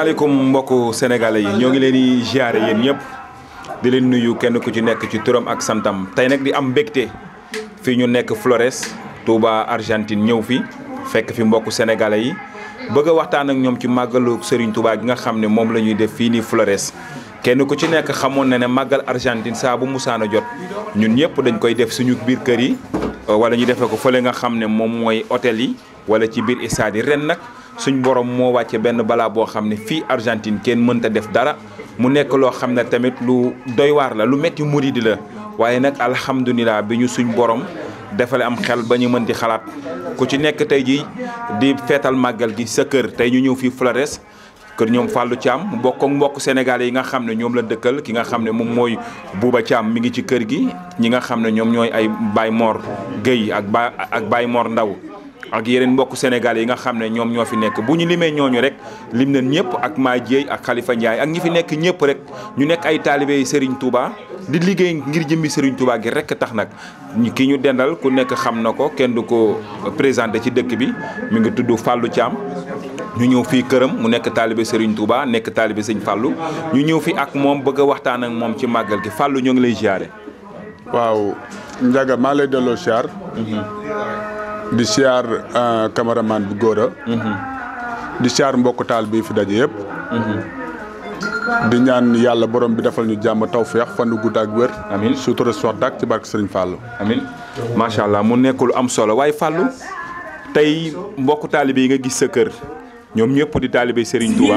maaleykum mbokku sénégalais yi ñoo ngi leen di ziare yéen ñëpp di leen nuyu kenn ku ci nekk ci turam ak santam tey nag di am mbégte fii ñu nekk Flores Touba Argentine ñëw fi fekk fi mbokk sénégalais yi bëgg waxtaan ak ñoom ci màggalu Serigne Touba gi nga xam ne moom la ñuy def fii nii Flores. kenn ku ci nekk xamoon na ne màggal Argentine saa bu musaana jot ñun ñëpp dañ koy def suñu biir kër yi wala ñu defee ko fële nga xam ne moom mooy hôtel yi wala ci biir stade yi ren nag. suñ borom moo wàcce benn balaa boo xam ne fii Argentine kenn mënta def dara mu nekk loo xam ne tamit lu doy waar la lu métti muridi la waaye nag alhamdulilah bi ñu suñ borom defale am xel ba ñu mën di xalaat ku ci nekk tey ji di feetal màggal gi sa kër tey ñu ñëw fii Flores kër ñoom Fallou Thiam mbokk ak mbokk sénégalais yi nga xam ne ñoom la dëkkal ki nga xam ne moom mooy Bouba Thiam mi ngi ci kër gi ñi nga xam ne ñoom ñooy ay Baye Mor Guèye ak Baye ak Baye Ndaw ak yeneen mbokk Sénégal yi nga xam ne ñoom ñoo fi nekk bu ñu limee ñooñu rek lim nañ ñëpp ak maa jéey ak Khalifa Ndiaye ak ñi fi nekk ñëpp rek ñu nekk ay taalibe yi Serigne di liggéey ngir jëmmi sëriñ Touba gi rek tax nag ki ñu dendal ku nekk xam na ko kenn du ko présenté ci dëkk bi mu ngi tudd Fallou am ñu ñëw fii këram mu nekk taalibe sëriñ Touba nekk taalibe Sëñ Fallou ñu ñëw fi ak moom bëgg a waxtaan ak moom ci màggal gi fàllu ñoo ngi lay ziare. waaw Ndiaga maa di siyaar euh, cameraman bi góor a mm-hmm. di siyaar mbokk taal bi fi daje yëpp. Mm-hmm. di ñaan yàlla borom bi defal ñu jàmm tawféex fan gudd ak wér. amiin sutura sox dak ci barke Serigne Fallou. amiin macha allah mu nekkul am solo waaye Fallou tey mbokku taalibe yi nga gis sa kër ñoom ñëpp di taalibe sëriñ Touba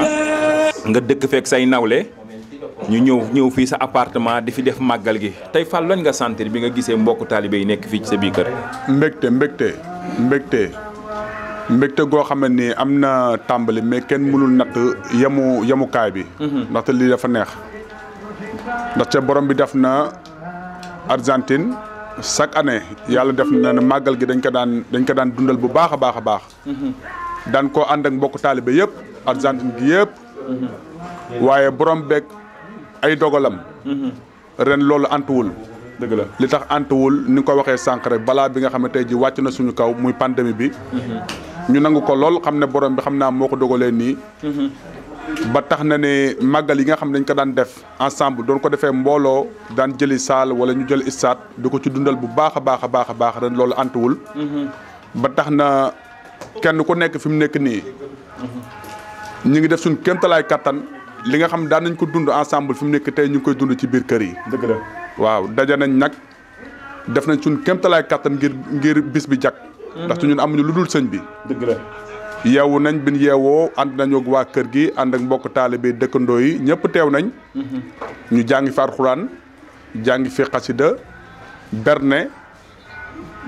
nga dëkk fekk say nawle ñu ñëw ñëw fii sa appartement di fi def màggal gi tey Fallou lañ nga santir bi nga gisee mbokku taalibe yi nekk fii ci sa biir kër. mbégte mbégte mbégte mbégte goo xam ne nii am na tàmbali mais kenn mënul natt yamu yemukaay bi. Mhm. ndaxte lii dafa neex. ndaxte borom bi def na Argentine chaque année yàlla def na ne màggal gi dañ ko daan dañ ko daan dundal bu baax a baax a baax. Mhm. daan koo ànd ak mbokku taalibe yëpp Argentine gi yëpp. Mhm. waaye borom beeg ay dogalam. ren loolu antuwul. dëgg la li tax antuwul ni nga ko waxee sànq balaa bi nga xam ne ji wàcc na suñu kaw muy pandémie bi ñu nangu ko lool xam ne borom bi xam naa moo ko dogalee nii ba tax na ne màggal yi nga xam ne dañ ko daan def ensemble doon ko defee mbooloo daan jëli saal wala ñu jël istaat di ko ci dundal bu baax baax a baax a baax ren loolu antuwul tax na kenn ku nekk fi mu nekk nii ñu ngi def suñ kéemtalaay kattan li nga xam daan nañ ko dund ensemble fi mu nekk tey ñu ngi koy dund ci biir kër yi dëgg waaw daje nañ nag def nañ suñ kéemtalaay kàttan ngir ngir bis bi jag. ndax su ñun amuñu lu dul sëñ bi. dëgg la yeewu nañ bin yeewoo ànd nañu ak waa kër gi ànd ak mbokk taalibe dëkkandoo yi ñëpp teew nañ. ñu jàngi far xuraan jàngi fi xasida berne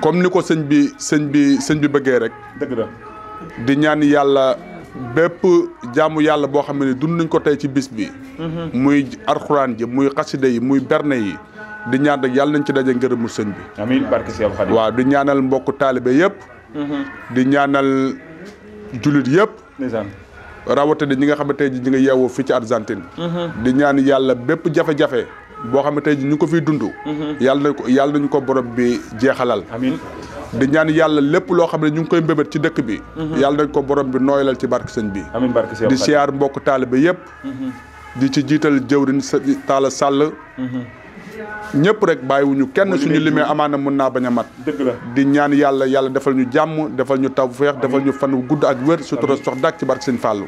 comme ni ko sëñ bi sëñ bi sëñ bi bëggee rek. dëgg la di ñaan yàlla bépp jaamu yàlla boo xam ne dund nañ ko tey ci bis bi. Mhm. muy arxuraan ji muy xasida yi muy berne yi. di ñaan yàlla nañ ci daje ngërëmu sëñ bi. amiin barke si Abou Khadim. waaw di yëpp. Mm-hmm. di ñaanal julit yëpp. rawatina ñi nga xam ne tey ñu ngi yeewoo fii ci Argentine. Mm-hmm. di ñaan yàlla bépp jafe-jafe. boo xam ne tey jii ñu ko fi dund. Mm-hmm. yàlla nañ ko yàlla nañ ko borom bi jeexalal. amiin di ñaan yàlla lépp loo xam ne ñu ngi koy mbébét ci dëkk bi. yàlla nañ ko borom bi nooyalal ci barke sëñ bi. amiin barke si di siyaar mbokk taalibe yëpp. di ci jiital jëwriñ sa Talla Sall. ñëpp rek bàyyiwuñu kenn suñu limee amaana mën naa bañ a mat dëgg la di ñaan yàlla yàlla defal ñu jàmm defal ñu tawfeex defal ñu fan gudd ak wér su sox dak ci barke sëñ Fallou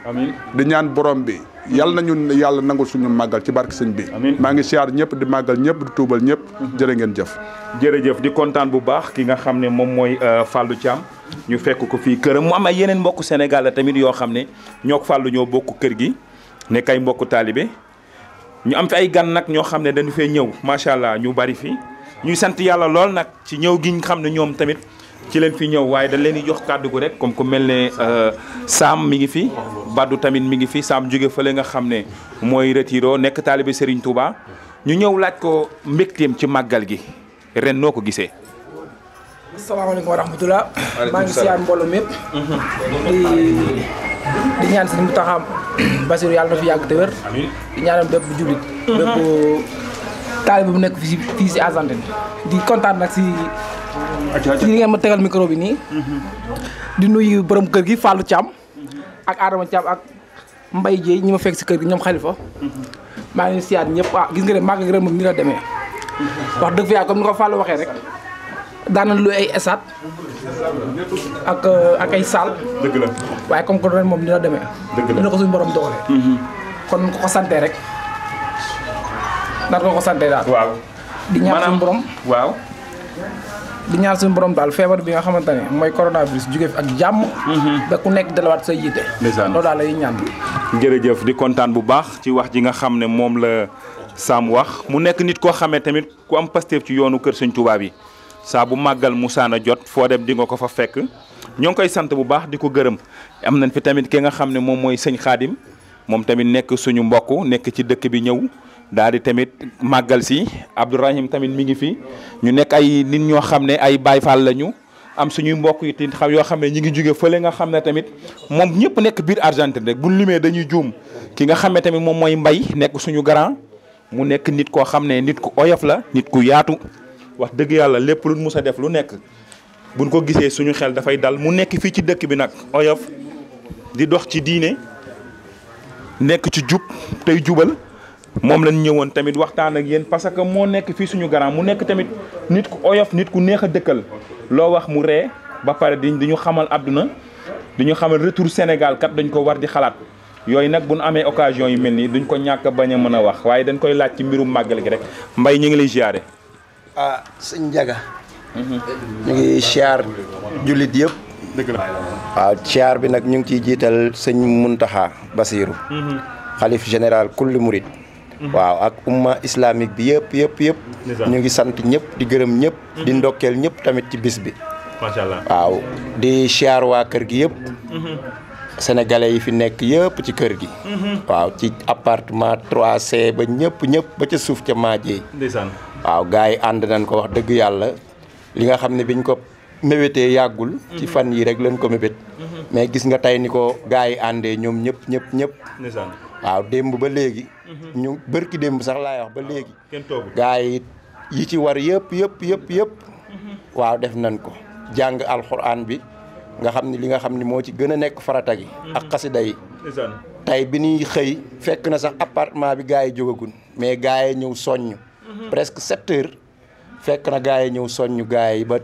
di ñaan borom bi yàlla nañu yàlla nangul suñu màggal ci barke sëñ bi maa ngi siyaar ñëpp di màggal ñëpp di tuubal ñëpp mhm. jërë ngeen jëf jërëjëf di kontaan bu baax ki nga xam ne moom mooy euh, Fallou Thiam ñu fekk ko fii këram mu am ay yeneen mbokku Sénégal la tamit yoo xam ne ñoo ko Fallou ñoo bokk kër gi ne kay mbokku taalibe ñu am fi ay gan nag ñoo xam ne dañu fee ñëw macha allah ñu bari fi ñuy sant yàlla lool nag ci ñëw gi ñu xam ne ñoom tamit ci leen fi ñëw waaye dañ leen di jox kàddu gu rek comme ku mel ne euh, Saam mi ngi fi. Baddu tamit mi ngi fi Saam jóge fële nga xam ne mooy retiro nekk taalibe sëriñ Touba ñu ñëw laaj ko mbégteem ci màggal gi ren noo ko gisee. asalaamaaleykum wa rahmatulah. maa di ñaan Sëriñ Mountakha Bassirou yàlla na fi yàgg te wér. di ñaanal bépp jullit. Mhm. bépp taalibe bu nekk fi fii si Argentine di kontaan nag si. ci li ngeen ma tegal micro bi nii. Mhm. di nuyu borom kër gi Fallou Thiam. ak Adama Thiam ak Mbaye Dieye ñi ma fekk si kër gi ñoom Khalifa. Mhm. maa ngi leen siyaat ñëpp a ah, gis nga ne màgg rek moom ni la demee. wax dëgg fa yàlla comme ni ko Fallou waxee rek. daana luy ay esaat ak euh, ak ay saal. dëgg la waaye comme que ren moom dina demee. dëgg la ko suñu borom dogalee. Mhm. kon ko ko santee rek ndax ko ko santee daal. waaw di ñaan suñu borom waaw. di ñaan suñu borom daal feebar bi nga xamante ne mooy coronavirus jóge fi ak jàmm. Mhm. ba ku nekk dalawaat say jiite. ndeysaan loolu daal lay ñaan. jërëjëf di kontaan bu baax ci wax ji nga xam ne moom la Sam wax mu nekk nit koo xamee tamit ku am Pastef ci yoonu kër Sëñ Tuubaa bi saa bu màggal musaana jot foo dem di nga ko fa fekk ñoo ngi koy sant bu baax di ko gërëm am nañ fi tamit ki nga xam ne moom mooy sëñ xaadim moom tamit nekk suñu mbokk nekk ci dëkk bi ñëw daal di tamit màggal si Abdourahim tamit mi ngi fi ñu nekk ay nit ñoo xam ne ay Baay Faal lañu am suñuy mbokk yi tamit yoo xam ne ñu ngi jóge fële nga xam ne tamit moom ñëpp nekk biir Argentine rek bu limee dañuy juum ki nga xam ne tamit moom mooy mbay nekk suñu grand mu nekk nit koo xam ne nit ku oyof la nit ku yaatu wax dëgg yàlla lépp lu mus a def lu nekk buñ ko gisee suñu xel dafay dal mu nekk fii ci dëkk bi nag oyof di dox ci diine nekk ci jub tey jubal moom lañ ñëwoon tamit waxtaan ak yéen parce que moo nekk fii suñu garant mu nekk tamit nit ku oyof nit ku neex a dëkkal loo wax mu ree ba pare di ñu xamal àdduna di ñu xamal retour Sénégal kat dañ ko war di xalaat yooyu nag bu nu amee occasion yu mel nii duñ ko ñàkk bañ a mën a wax waaye dañ koy laaj ci mbirum màggal gi rek mbay ñu ngi lay ziare. ah sëñ Njaga ñu ngi siyaar jullit yëpp waaw ah, siyaar bi nag ñu ngi ciy jiital sëñ Muntaxa Basiiru xalif général kulli murit waaw ak umma islamique bi yëpp yëpp yëpp ñu ngi sant ñëpp di gërëm ñëpp di mhm. ndokkeel ñëpp tamit ci bis bi macha allah waaw di siyaar waa kër gi yëpp mhm. sénégalais yi fi nekk yëpp ci kër gi mhm. waaw ci appartement 3C ba ñëpp ñëpp ba ca suuf ca maajee ndeysaan waaw gars yi ànd nañ ko wax dëgg yàlla li nga xam ne biñ ko mébétee yàggul. ci mhm. fan yi rek lañ ko mébét. Mhm. mais gis nga tey ni ko gars yi àndee ñoom ñëpp ñëpp ñëpp. waaw démb ba léegi. Mhm. ñu bërki démb sax laay wax ba léegi. kenn toogul gars yi yi ci war yëpp yëpp yëpp yëpp. waaw def nañ ko jàng alxuraan bi nga xam ne li nga xam ni moo ci gën a nekk farata gi. ak xasida yi. tey bi ñuy xëy fekk na sax appartement bi gars yi jógagun mais gars yi ñëw soññ. presque sept heures fekk na gars yi ñëw soññu gars yi ba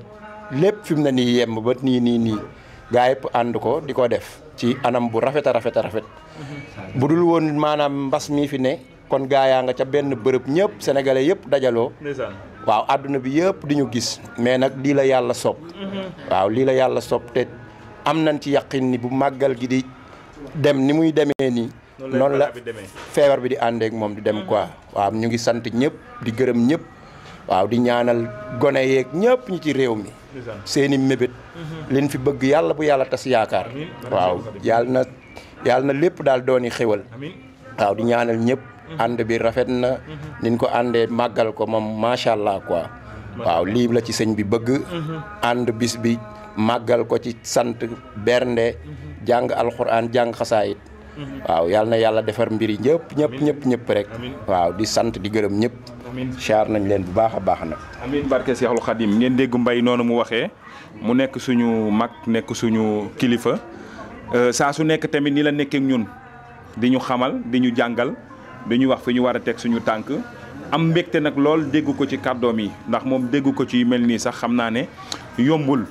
lépp fi mu ne nii yemb ba nii nii nii gars yëpp ànd ko di ko def ci anam bu rafet a rafet a rafet bu dul woon maanaam mbas mii fi ne kon gaa yaa nga ca benn bërëb ñëpp sénégalais yëpp dajaloo waaw àdduna bi yëpp di ñu gis mais nag lii la yàlla sopp waaw lii la yàlla sopp te am nañ ci yaqin ni bu màggal gi di dem ni muy demee nii noonu la feebar bi di àndeek moom di dem mm-hmm. quoi waaw ñu ngi sant ñëpp di gërëm ñëpp waaw di ñaanal gone yeeg ñëpp ñu ci réew mi seeni mébét mm-hmm. liñ fi bëgg yàlla bu yàlla tas yaakaar waaw yàlla na na lépp daal dooni xéwal waaw di ñaanal ñëpp mm-hmm. ànd bi rafet na niñ ko àndee màggal ko moom macha allah quoi waaw lii la ci sëñ bi bëgg ànd bis bi màggal ko ci sant bernde jàng alxuraan jàng xasaayit Mm-hmm. waaw yàlla na yàlla defar mbir yi ñëpp ñëpp ñëpp ñëpp rek waaw di sant di gërëm ñëpp chaar nañ leen bu baax a baax nag amin barke Seexul Xadim ngeen dégg mbay noonu mu waxee mu nekk suñu mag nekk suñu kilifa euh, saa su nekk tamit ni la nekkee ñun di ñu xamal di ñu jàngal di ñu wax fi ñu war a teg suñu tànk am mbégte nag lool dégg ko ci kàddoom yi ndax moom dégg ko ci mel nii sax xam naa ne yombul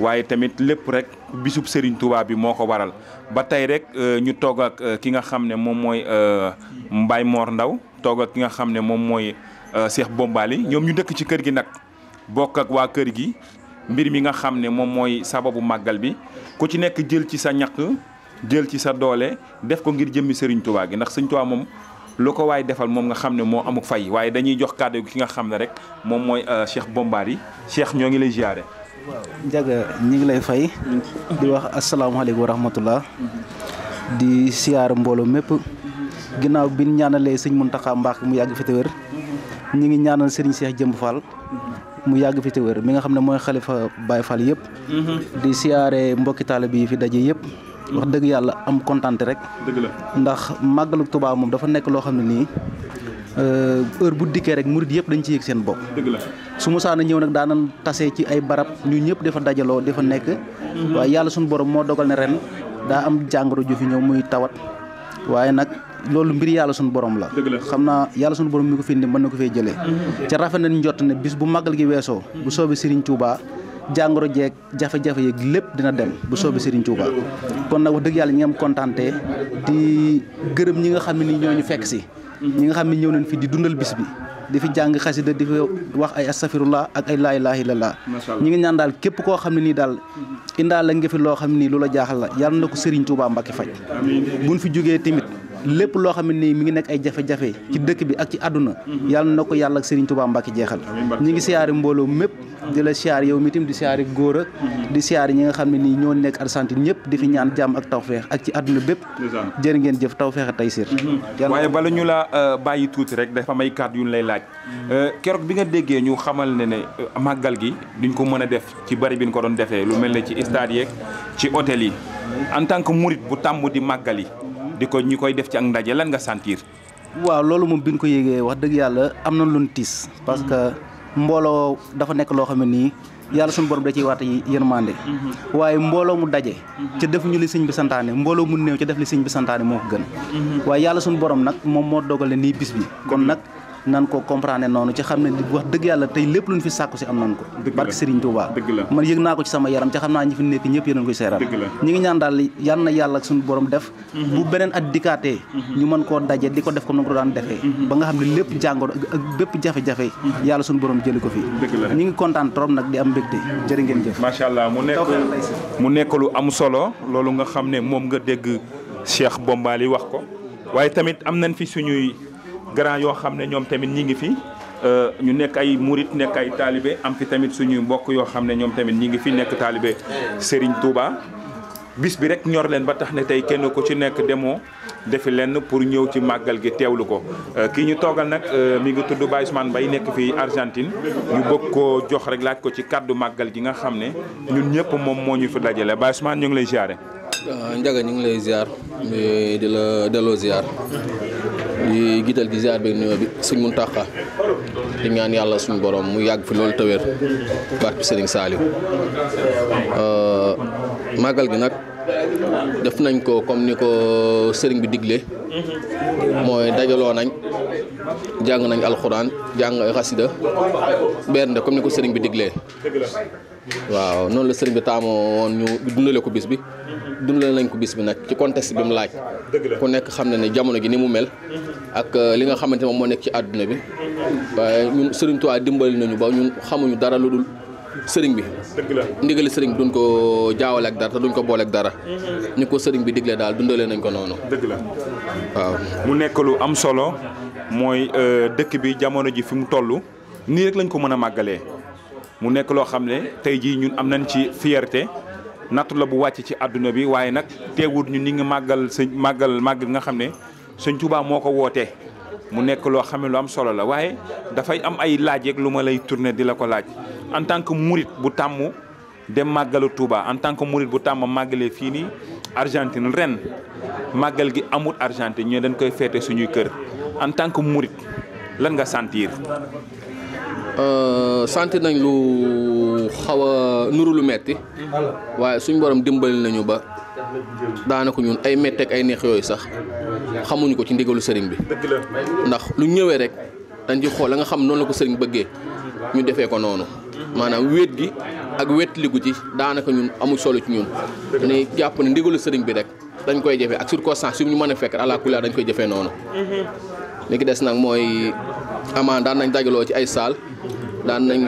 waaye tamit lépp rek bisub Serigne tubaab bi moo ko waral ba tey rek euh, ñu toog euh, ki nga xam ne moom mooy euh, Mbaye Mor Ndaw toog ak ki nga xam ne moom mooy Cheikh Bombali ñoom ñu dëkk ci kër gi nag bokk waa kër gi mbir mi nga xam ne moom mooy sababu màggal bi ku ci nekk jël ci sa ñaq jël ci sa doole def ko ngir jëmmi Serigne Touba gi ndax Serigne Touba moom lu ko waaye defal moom nga xam ne moo amuk fay waaye dañuy jox kàddu gi ki nga xam ne rek moom mooy Cheikh Bombali Cheikh ñoo ngi lay ziare. waaw Ndiaga ñi ngi lay fay. di wax asalaamaaleykum wa rahmatullah di siyaar mbooloo mépp. ginnaaw bi ñu ñaanalee sëñ Mountakha Mbacké mu yàgg fi te wér. ñu ngi ñaanal Serigne Cheikh Jëmb Fall. mu yàgg fi te wér nga xam ne mooy xalifa Baye Fall yëpp. di siyaare mbokki taalibe yi fi daje yëpp. wax dëgg yàlla am kontaan rek. ndax màggalu tubaab moom dafa nekk loo xam ne nii. Euh, heure bu dikkee rek murit yëpp dañ ci yëg seen bopp. su la su ñëw nag daana tase ci ay barab ñu ñëpp dafa dajaloo dafa nekk. Mhm. waaye yàlla suñu borom moo dogal ne ren daa am jàngoro ju fi ñëw muy tawat waaye nag. loolu mbir yàlla suñu borom la xam naa yàlla suñu borom mi ko fi indi mën na ko fay jëlee mhm. ca rafet nañ njott ne bis bu màggal gi weesoo bu mhm. soobee Serigne Touba jàngoro jeeg jafe-jafe yeeg lépp dina dem bu soobee Serigne Touba kon nag wax dëgg yàlla ñi kontaante di gërëm ñi nga xam ne ni ñoo ñu fekk si ñi nga xam ne ñëw nañ fi di dundal bis bi di fi jàng xasida di fi wax ay astafirullah ak ay laa ilaaha illallah ñi ngi ñaan daal képp koo xam ne nii daal indaa la nga loo xam ne nii lu la jaaxal la yàlla na ko Serigne Touba Mbacke faj buñ fi jógee tamit lépp loo xam ne nii mi ngi nekk ay jafe-jafe ci dëkk bi ak ci àdduna yàlla na ko yàlla ak Serigne Touba Mbacke jeexal ñi ngi siyaari mbooloo mépp di la siyaar yow mitim di siyaari góor di siyaari ñi nga xam ne nii ñoo nekk Argentine ñëpp di fi ñaan jàmm ak tawfeex ak ci àdduna bépp jërë ngeen jëf tawfeex tey tay sir mm-hmm. waaye bala ñu la euh, bàyyi tuuti rek dafa may kàddu yu ñu lay laaj mm-hmm. euh, keroog bi nga déggee ñu xamal ne ne euh, màggal gi duñ ko mën a def ci bari bi nu ko doon defee lu mel ne ci stade yeeg ci hôtel yi en tant que murit bu tàmm di màggal yi di ko ñi koy def ci ak ndaje lan nga sentir. waaw loolu moom bi ñu ko yéegee wax dëgg yàlla am na lu ñu tiis parce que mbooloo dafa nekk loo xam ne nii yàlla suñu borom da ciy waat yërmande mm-hmm. waaye mbooloo mu daje mm-hmm. ca def ñu li sëñ bi santaane mbooloo mu néew ca def li sëñ bi santaane moo ko gën mm-hmm. waaye yàlla suñu borom nag moom moo dogale nii bis bi kon nag nan ko comprendre noonu ci xam ne wax dëgg yàlla tey lépp luñ fi sàkku si am nañ ko barke Serigne Touba man yëg naa ko ci sama yaram ci xam naa ñi fi nekk ñëpp yéen a koy seeral ñi ngi ñaan daal yal na yàlla def mhm. bu beneen at dikkaatee mhm. ñu mën koo daje di ko def comme na ko daan defee mhm. ba nga xam ne lépp jàngoro ak bépp jafe yàlla suñu borom jëli ko fi ñi ngi kontaan trop nag di am mbégte jërë ngeen jëf macha allah mu nekk mu nekk lu am solo loolu nga xam ne moom nga dégg Cheikh Bombali wax ko waaye tamit am nañ fi suñuy grand yoo xam ne ñoom tamit ñi ngi fi euh, ñu nekk ay murit nekk ay taalibe am fi tamit suñuy mbokk yoo xam ne ñoom tamit ñi ngi fi nekk taalibe Serigne Touba. bis bi rek ñor leen ba tax ne tey kenn ku ci nekk demoo defi lenn pour ñëw ci màggal gi teewlu ko euh, kii ñu toogal nag euh, mi nga tudd Baye Ousmane Mbaye nekk fii Argentine ñu bëgg koo jox rek laaj ko ci kàddu màggal gi nga xam ne ñun ñëpp moom moo ñu fi dajale Baye Ousmane ñu ngi lay ziare. Ah, Ndiaga ñu ngi lay ziar di la delloo ziar di jiital gi ziar beeg nuyoo bi sëñ Muntaxa di ñaan yàlla suñ boroom mu yàgg fi loolu tawéer barke Sëriñ Saaliw euh, màggal gi nag def nañ ko comme ni ko sëriñ bi digle mooy dajaloo nañ jàng nañ alxuraan jàng ay xasida bernde comme ni ko sëriñ bi diglee waaw noonu la sëriñ bi taamoo woon ñu dundale ko bis bi dundale nañ ko bis bi nag ci contexte bi mu laaj ku nekk xam na ne jamono ji ni mu mel ak euh, li nga xamante moom moo nekk ci àdduna bi waaye ñun Serigne dimbali nañu ba ñun xamuñu dara lu dul sëriñ bi. dëgg la sëriñ duñ ko jaawale ak dara te duñ ko boole ak dara. ñu ko sëriñ bi digle daal dundalee nañ ko noonu. dëgg la waaw. mu nekk lu am solo mooy euh, dëkk bi jamono ji fi mu toll nii rek lañ ko mën a màggalee mu nekk loo xam ne tey jii ñun am nañ ci fierté. nattu la bu wàcc ci àdduna bi waaye nag teewut ñu ni nga màggal sëñ màggal màgg nga xam ne suñ Tuubaa moo ko wootee mu nekk loo xam ne lu am solo la waaye dafay am ay laaj yeeg lu ma lay tourner di la ko laaj en tant que murit bu tàmm dem màggalu Touba en tant que murit bu tàmm màggalee fii nii Argentine ren màggal gi amul Argentine ñoo dañ koy feete suñuy kër en tant que murit lan nga sentir. Euh, sentir nañ lu xaw a nuru lu metti waaye suñu borom dimbali nañu ba daanaka ñun ay métteeg ay neex yooyu sax xamuñu ko ci ndigalu sëriñ bi ndax lu ñëwee rek dañ ci xool la nga xam noonu la ko sëriñ bëggee ñu defee ko noonu maanaam wéet gi ak wéetligu ci daanaka ñun amul solo ci ñun ni jàpp ne ndigalu sëriñ bi rek dañ koy jëfee ak circonstance yu ñu mën a fekk ala dañ koy jëfee noonu mm-hmm. li ki des nag mooy amaan daan nañ dajaloo ci ay saal daan nañ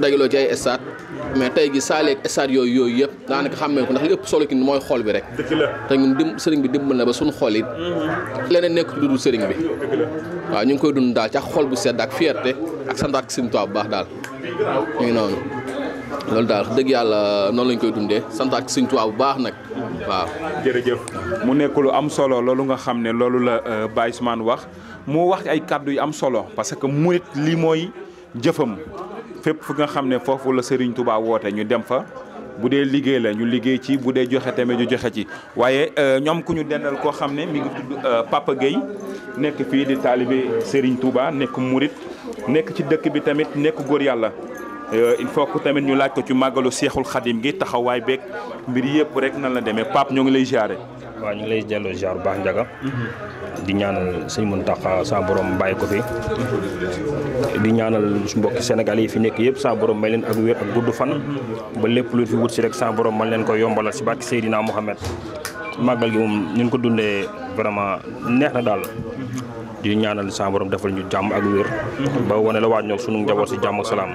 dajaloo ci ay stade mais tey gi saal yeeg stade yooyu yooyu yëpp daanaka xàmmee ko ndax li ëpp solo ki mooy xool bi rek te ñun dim sëriñ bi dimbal na ba suñu xool it mm-hmm. leneen nekk ci dudul sëriñ bi waaw ñu ngi koy dund daal ci xool bu sedd ak fierté ak santaat ki sëriñ bu baax daal ñu noonu loolu daal dëgg yàlla noonu lañ koy dundee santaat sëñ Tuubaa bu baax nag waaw. jërëjëf mu nekk lu am solo loolu nga xam ne loolu la euh, Baye Ousmane wax mu wax ay kàddu yu am solo parce que murit li mooy jëfam fépp fu nga xam ne foofu la Serigne Touba woote ñu dem fa bu dee liggéey la ñu liggéey ci bu dee joxe tamit ñu joxe ci waaye euh, ñoom ku ñu dendal koo xam ne mu ngi tudd euh, Papa nekk fii di taalibe Serigne Touba nekk murit nekk ci dëkk bi tamit nekk góor yàlla euh, il faut que tamit ñu laaj ko ci màggalu seexul xadim gi taxawaay beeg mbir yëpp rek nan la demee Pape ñoo ngi lay jaare waaw ñu ngi lay delloo ziar bu baax njaga di ñaanal sëñ Muntaxa sa borom bàyyi ko fi di ñaanal mbokki senegal yi fi nekk yëpp sa borom may leen ak wér ak gudd fan ba lépp lu fi wut si rek sa borom man leen ko yombalal si barki Seydina Mohamed màggal gi moom ñu ko dundee vraiment neex na daal di ñaanal sa defal ñu jàmm ak wér ba wane la waaj ñoo sunu njaboot si jàmm ak salaam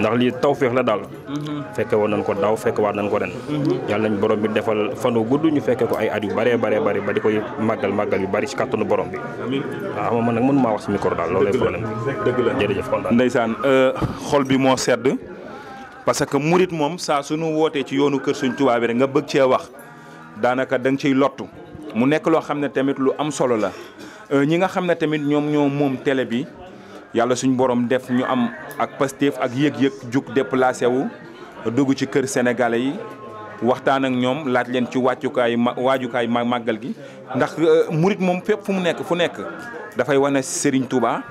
ndax lii tawféex la daal mhm. fekke woon nañ ko daaw fekke waat nañ ko ren mhm. yàlla nañ borom bi defal fan wu gudd ñu fekke ko ay at yu bare bare bare ba di koy màggal màggal yu bari ci kàttanu borom bi waaw xam man nag mënu maa wax ci micro daal loolu lay problème bi dëgg la jërëjëf kontaan ndeysaan euh, xol bi moo sedd parce que murit moom saa suñu wootee ci yoonu kër Sëñ Tuubaa bi rek nga bëgg cee wax daanaka da nga ciy lottu mu nekk loo xam ne tamit lu am solo la euh, ñi nga xam ne tamit ñoom ñoo moom télé bi yàlla suñu borom def ñu am ak Pastef ak yëg-yëg jug déplacé wu dugg ci kër sénégalais yi waxtaan ak ñoom laaj leen ci wàccukaay ma waajukaay màggal gi. ndax euh, murit moom fépp fu mu nekk fu nekk dafay wane Serigne Touba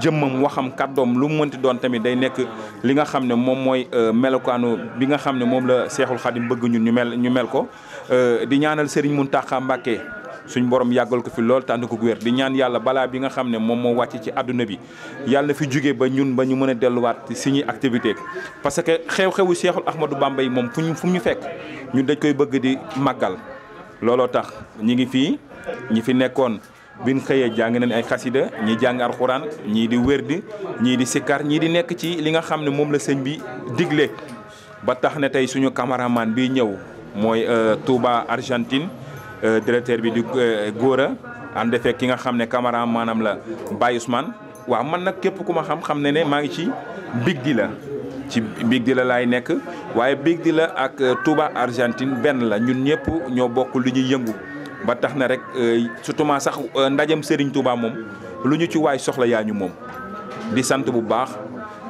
jëmmam waxam kàddoom lu mu mënti doon tamit day nekk li nga xam ne moom mooy euh, melokaanu bi nga xam ne moom la Seexul Xadim bëgg ñun ñu mel ñu mel ko euh, di ñaanal Serigne Mountakha Mbacké. suñ borom yàggal ko fi lool tànn ko wér di ñaan yàlla balaa bi nga xam ne moom moo wàcc ci àdduna bi yàlla fi jugee ba ñun ba ñu mën a delluwaat suñuy activité parce que xew-xewu Seexul Ahmadou ba yi moom fu ñu fu ñu fekk ñun dañ koy bëgg di màggal looloo tax ñi ngi fii ñi fi nekkoon bin xëyee jàng nañ ay xasida ñi jàng alxuraan ñii di wérdi ñii di sikkar ñii di nekk ci li nga xam ne moom la sëñ bi digle ba tax ne tey suñu cameraman bi ñëw mooy euh, Touba Argentine Euh, directeur bi di euh, Gora ànd fekk ki nga xam ne camara maanaam la Baye Ousmane waaw man nag képp ku ma xam xam ne ne maa ngi ci big di la ci big di la laay nekk waaye big di la ak euh, Touba Argentine benn la ñun ñëpp ñoo bokk lu ñuy yëngu ba tax na rek surtout ma sax ndajam Serigne tubaa moom lu ñu ci waay soxla yaa ñu moom di sant bu baax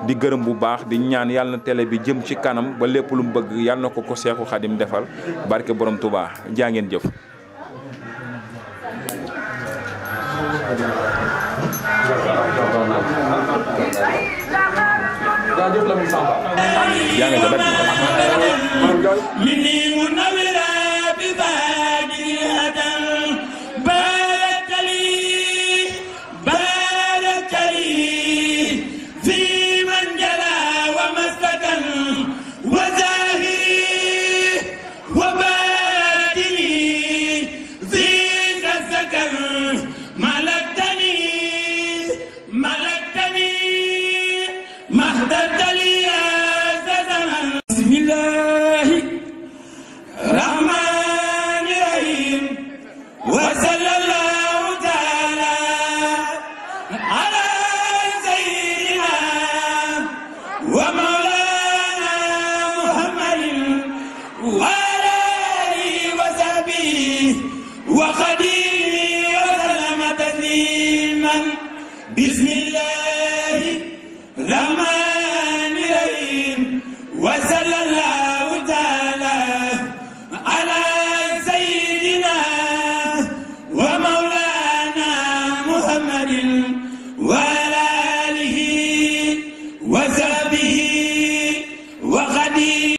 di gërëm bu baax di ñaan yàlla na télé bi jëm ci kanam ba lépp lu mu bëgg yàlla na ko ko Seexu Xadim defal barke borom Touba jaa jëf jaajëf Lamine Samba. yaa